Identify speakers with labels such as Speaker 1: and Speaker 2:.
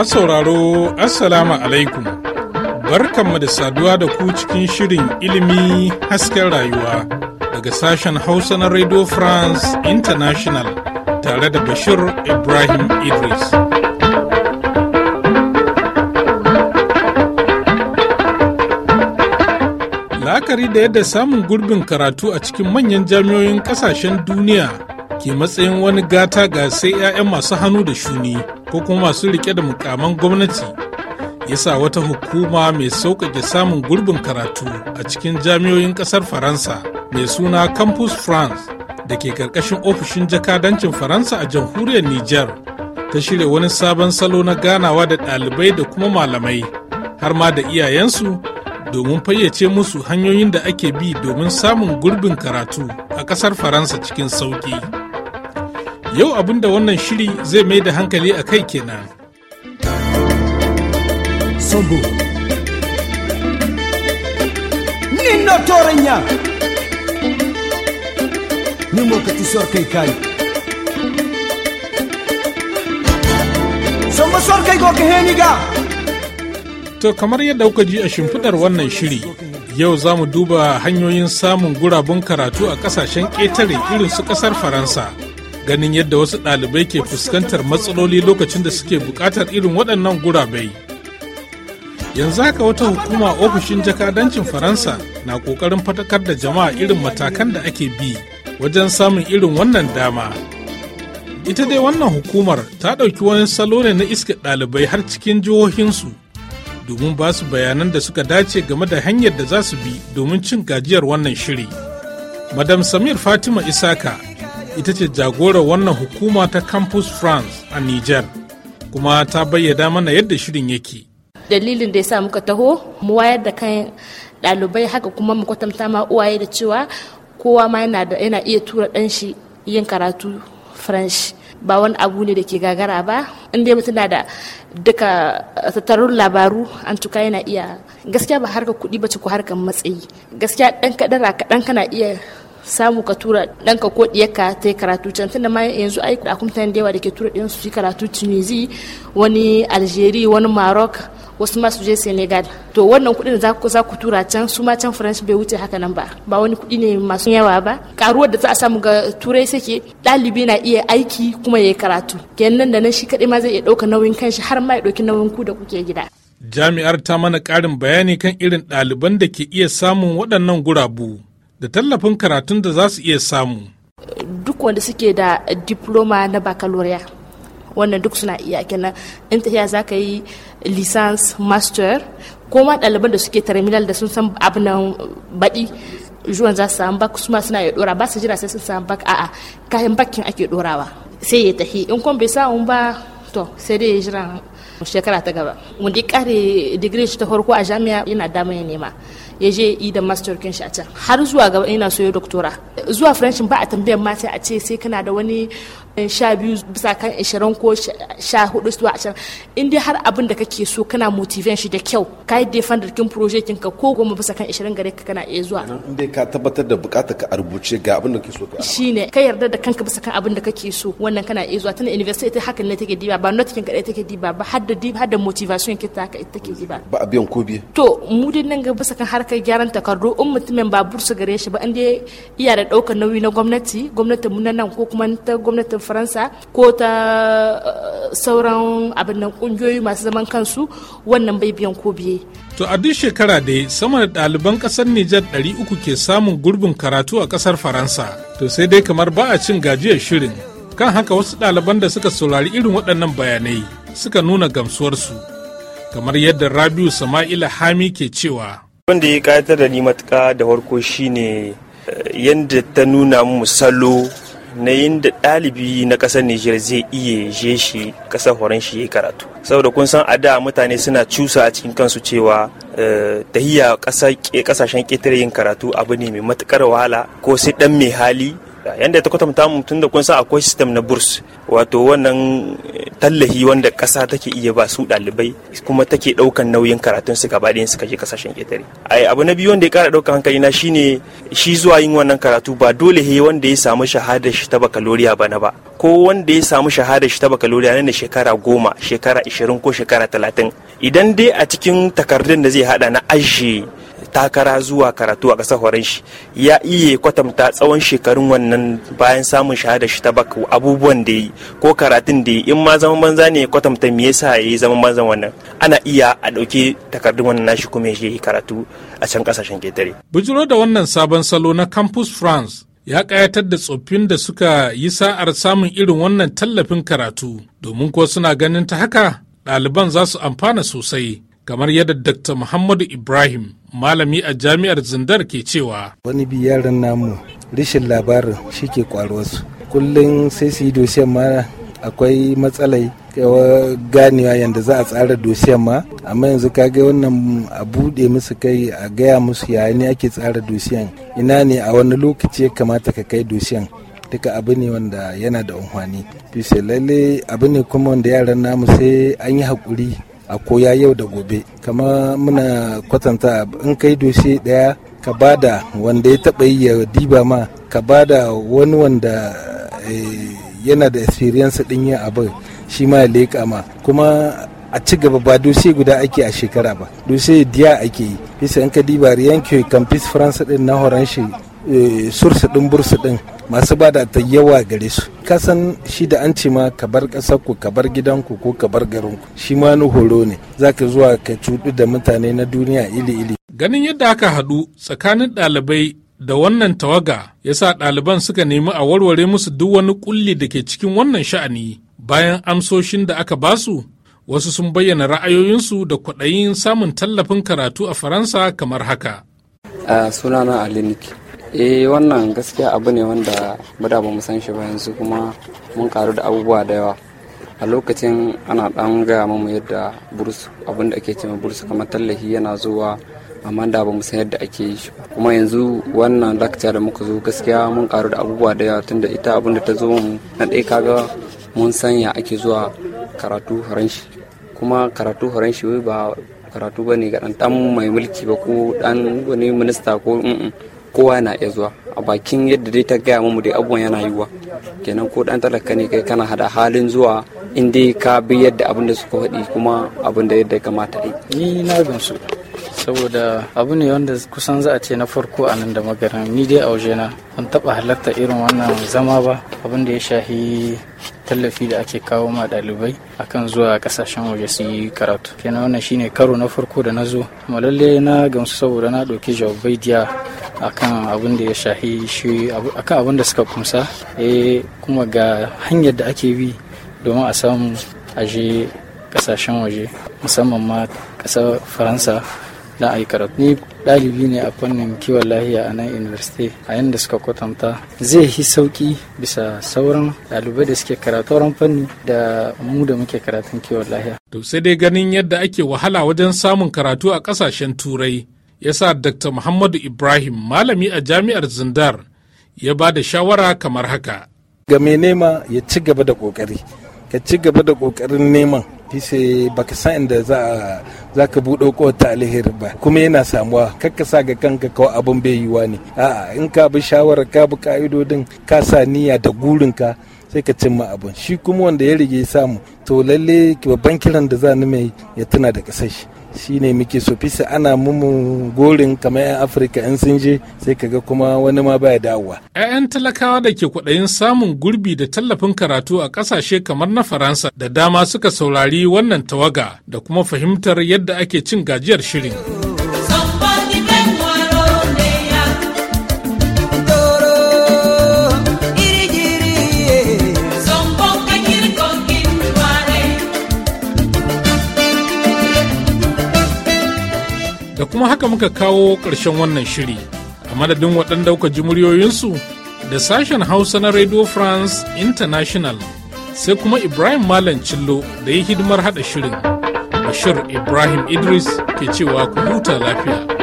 Speaker 1: asauraro sauraro Assalamu alaikum barkanmu da saduwa da ku cikin shirin ilimi hasken rayuwa daga sashen Hausa na Radio France International tare da Bashir Ibrahim Idris. la'akari da yadda samun gurbin karatu a cikin manyan jami'oyin kasashen duniya ke matsayin wani gata ga sai 'ya'yan masu hannu da shuni ko kuma masu rike da mukaman gwamnati yasa wata hukuma mai sauƙaƙe samun gurbin karatu a cikin jami'oyin ƙasar faransa mai suna campus france da ke ƙarƙashin ofishin jakadancin faransa a jamhuriyar niger ta shirya wani sabon salo na ganawa da ɗalibai da kuma malamai har ma da iyayensu domin fayyace musu hanyoyin da ake bi domin samun gurbin karatu a ƙasar faransa cikin sauƙi yau abinda wannan shiri zai mai da hankali a kai kenan sobo
Speaker 2: ninno torenya nimo go heniga
Speaker 1: To kamar yadda kuka ji a shimfidar wannan shiri, yau za mu duba hanyoyin samun gurabun karatu a ƙasashen ƙetare irin su ƙasar Faransa. Ganin yadda wasu ɗalibai ke fuskantar matsaloli lokacin da suke buƙatar irin waɗannan gurabai. Yanzu haka wata hukuma ofishin jakadancin Faransa na ƙoƙarin fatakar da jama'a irin matakan da ake bi wajen samun irin wannan dama. Ita dai wannan hukumar ta ɗauki wani salo ne na iska ɗalibai har cikin jihohinsu domin ba su bayanan da suka dace game da hanyar da za su bi domin cin gajiyar wannan shiri. Madam Samir Fatima Isaka ita ce jagorar wannan hukuma ta Campus France a Niger, kuma ta bayyana mana yadda shirin yake.
Speaker 3: Dalilin da ya sa muka taho, mu wayar da kan ɗalibai haka kuma mu kwatanta ma uwaye da cewa kowa ma yana iya tura ɗan shi yin karatu French. ba wani abu ne da ke gagara ba in dai mutum na da duka eh, tattarun labaru an tuka yana iya gaskiya ba harka kuɗi ba ci ko harkar matsayi gaskiya ɗan kaɗan kaɗan kana iya samu ka tura ɗanka ko ɗiyarka ta yi karatu can tunda ma yanzu ai a kuma da yawa da ke tura ɗin su yi karatu tunisi wani algeria wani maroc wasu ma su je Senegal to wannan kuɗin da za ku tura can su ma can France bai wuce haka nan ba ba wani kuɗi ne masu yawa ba karuwar da za a samu ga turai sake dalibi na iya aiki kuma ya karatu kenan da nan shi kadai ma zai iya dauka nauyin kanshi har ma ya ɗauki nauyin ku da kuke gida
Speaker 1: jami'ar ta mana karin bayani kan irin ɗaliban da ke iya samun waɗannan gurabu da tallafin karatun da za su iya samu
Speaker 3: duk wanda suke da diploma na baccalaureate wannan duk suna iya kenan in tafiya za ka yi lisans master ko ma ɗaliban da suke terminal da sun san abin nan baɗi zuwan za su samu bak kuma suna ya ɗora ba su jira sai sun samu bak a'a kayan bakin ake ɗorawa sai ya tafi in kuma bai samu ba to sai dai ya jira shekara ta gaba wanda ya kare digiri shi ta farko a jami'a yana dama ya nema ya je yi da master kin shi a can har zuwa gaba ina so ya doctora zuwa french ba a tambayar mata a ce sai kana da wani eh, sha biyu bisa kan ishirin ko sha hudu zuwa can in dai har abin da kake so kana motiven shi da kyau ka yi defan da kin project kinka ko goma bisa kan ishirin gare ka kana iya zuwa
Speaker 2: in dai ka tabbatar da bukatar ka a rubuce ga abin da kake so
Speaker 3: shi ne ka yarda da kanka bisa kan abin da kake so wannan kana iya zuwa tana university hakan ne take diba ba not kin kadai take diba ba har da dib har da motivation ke ta ita ke ba a biyan ko biye to mu dai nan ga bisa kan harkar gyaran takardu in mutumin ba bursu gare shi ba an dai iya da daukar nauyi na gwamnati gwamnatin mu nan ko kuma ta gwamnatin Faransa ko ta eh, sauran abin nan kungiyoyi masu zaman kansu wannan bai biyan ko biye
Speaker 1: to a duk shekara dai sama da ɗaliban ƙasar Nijar 300 ke samun gurbin karatu a kasar Faransa to sai dai kamar ba a cin gajiyar shirin kan haka wasu ɗaliban da suka saurari irin waɗannan bayanai suka nuna gamsuwarsu kamar yadda rabiu sama'ila hami ke cewa
Speaker 4: wanda ya kayatar da ni matuka da farko shine eh, yadda ta nuna mu salo na yadda ɗalibi na ƙasar Nijar zai iya je shi ƙasar horon shi ya karatu. Saboda kun san a da mutane suna cusa a cikin kansu cewa eh, tahiya ƙasashen ƙetare yin karatu abu ne mai matuƙar wahala ko sai ɗan mai hali yanda ta kwatanta tun da kun san akwai system na burs wato wannan eh, tallahi wanda kasa take iya ba su ɗalibai kuma take ɗaukan nauyin karatun su gaba ɗayan suka je kasashen ƙetare ai abu na biyu wanda ya kara daukan hankali na shine shi zuwa yin wannan karatu ba dole he wanda ya samu shahadar shi ta bakaloriya bana ba ko wanda ya samu shahadar shi ta bakaloriya na shekara goma shekara ishirin ko shekara talatin idan dai a cikin takardun da zai hada na ajiye takara zuwa karatu a ƙasar horon shi ya iya kwatanta tsawon shekarun wannan bayan samun shahada shi ta baka abubuwan da yi ko karatun da yi in ma zaman banza ne kwatanta me yasa ya yi zaman banzan wannan ana iya a ɗauke takardun wannan nashi kuma ya yi karatu a can ƙasashen ketare.
Speaker 1: Bujiro da wannan sabon salo na Campus France ya ƙayatar da tsoffin da suka yi sa'ar samun irin wannan tallafin karatu domin ko suna ganin ta haka ɗaliban za su amfana sosai kamar yadda Dr. Muhammadu Ibrahim malami a jami'ar zindar ke cewa
Speaker 2: wani bi yaran namu rishin labarin shi ke kwaruwarsu kullum sai su yi dosiyan ma akwai matsalai ganewa yadda za a tsara dosiyan ma amma yanzu ka ga wannan a buɗe musu kai a gaya musu ya ne ake tsara dosiyan ina ne a wani lokaci ya kamata ka kai dosiyan duka abu ne wanda yana da unhwani bisa lalle abu ne kuma wanda yaran namu sai an yi haƙuri a koya yau da gobe kama muna kwatanta in kai doshe daya ka bada wanda ya taba yi ya diba ma ka bada wani wanda eh, yana da experience din yin abin shi ma ya leƙa ma kuma a ci gaba ba dose guda ake a shekara ba dose diya ake yi bisa in ka diba riyan kamfis faransa din na horon shi eh, sursu din bursu din masu bada ta yawa gare su kasan shi da an ce ma ka bar ƙasar ku ka bar gidanku ko ka bar garin ku shi ma ni horo ne zaka zuwa ka cuɗu da mutane na duniya ili ili
Speaker 1: ganin yadda aka haɗu tsakanin ɗalibai da wannan tawaga ya sa ɗaliban suka nemi a warware musu duk wani kulli da ke cikin wannan sha'ani bayan amsoshin da aka basu wasu sun bayyana ra'ayoyinsu da kwaɗayin samun tallafin karatu a faransa kamar haka
Speaker 4: ah, sunana aliniki eh wannan gaskiya abu ne wanda bada ba mu san shi ba yanzu kuma mun karu da abubuwa da yawa a lokacin ana dan gaya mamu yadda burus abin da ake cewa burus kamar tallafi yana zuwa amma da ba mu san yadda ake yi shi kuma yanzu wannan lakca da muka zo gaskiya mun karu da abubuwa da yawa tunda ita abin da ta zo mu na ɗaya kaga mun sanya ake zuwa karatu horon kuma karatu horon shi ba karatu bane ga dan mai mulki ba ko dan wani minista ko kowa na iya zuwa a bakin yadda dai ta gaya mamu dai abubuwan yana yiwuwa kenan ko dan talaka ne kai kana hada halin zuwa in dai ka bi yadda abin da suka faɗi kuma abin da yadda ya kamata a
Speaker 2: yi ni na gamsu
Speaker 4: saboda abu ne
Speaker 2: wanda kusan za a ce na farko a nan da magana ni dai a wajena ban taba halarta irin wannan zama ba abin da ya shahi tallafi da ake kawo ma ɗalibai akan zuwa kasashen waje su yi karatu kenan wannan shine karo na farko da na zo kuma lalle na gamsu saboda na ɗauki jawabai diya akan abin da ya shahi shi akan abin da suka kumsa eh kuma ga hanyar da ake bi domin a samu aje kasashen waje musamman ma kasar faransa na a ni ɗalibi ne a fannin kiwon lahiya a nan university a yadda suka kwatanta zai yi sauƙi bisa sauran ɗalibai da suke karatu fanni da mu da muke karatun kiwon
Speaker 1: lahiya. to sai dai ganin yadda ake wahala wajen samun karatu a ƙasashen turai ya sa dr muhammadu ibrahim malami a jami'ar zindar ya ba da shawara kamar haka
Speaker 2: ga mai nema ya ci gaba da kokari ka ci gaba da kokarin neman fise baka san inda za ka buɗe kota alheri ba kuma yana samuwa kakka sa ga kanka ka abin bai wa ne a'a in ka bi shawara ka bi ka'idodin ka sa niyya da gurinka sai ka cimma abin shi kuma wanda ya rige samu to lalle babban kiran da za ni mai ya tuna da kasashe shine muke so fisa ana mumu gorin kamar 'yan afirka in sun je sai kaga kuma wani ma baya dawowa
Speaker 1: 'ya'yan talakawa da ke kwaɗayin samun gurbi da tallafin karatu a ƙasashe kamar na faransa da dama suka saurari wannan tawaga da kuma fahimtar yadda ake cin gajiyar shirin. kuma haka muka kawo ƙarshen wannan shiri a madadin waɗanda kuka ji muryoyinsu da sashen hausa na radio france international sai kuma ibrahim malam cillo da ya hidimar haɗa shirin bashir ibrahim idris ke cewa ku huta lafiya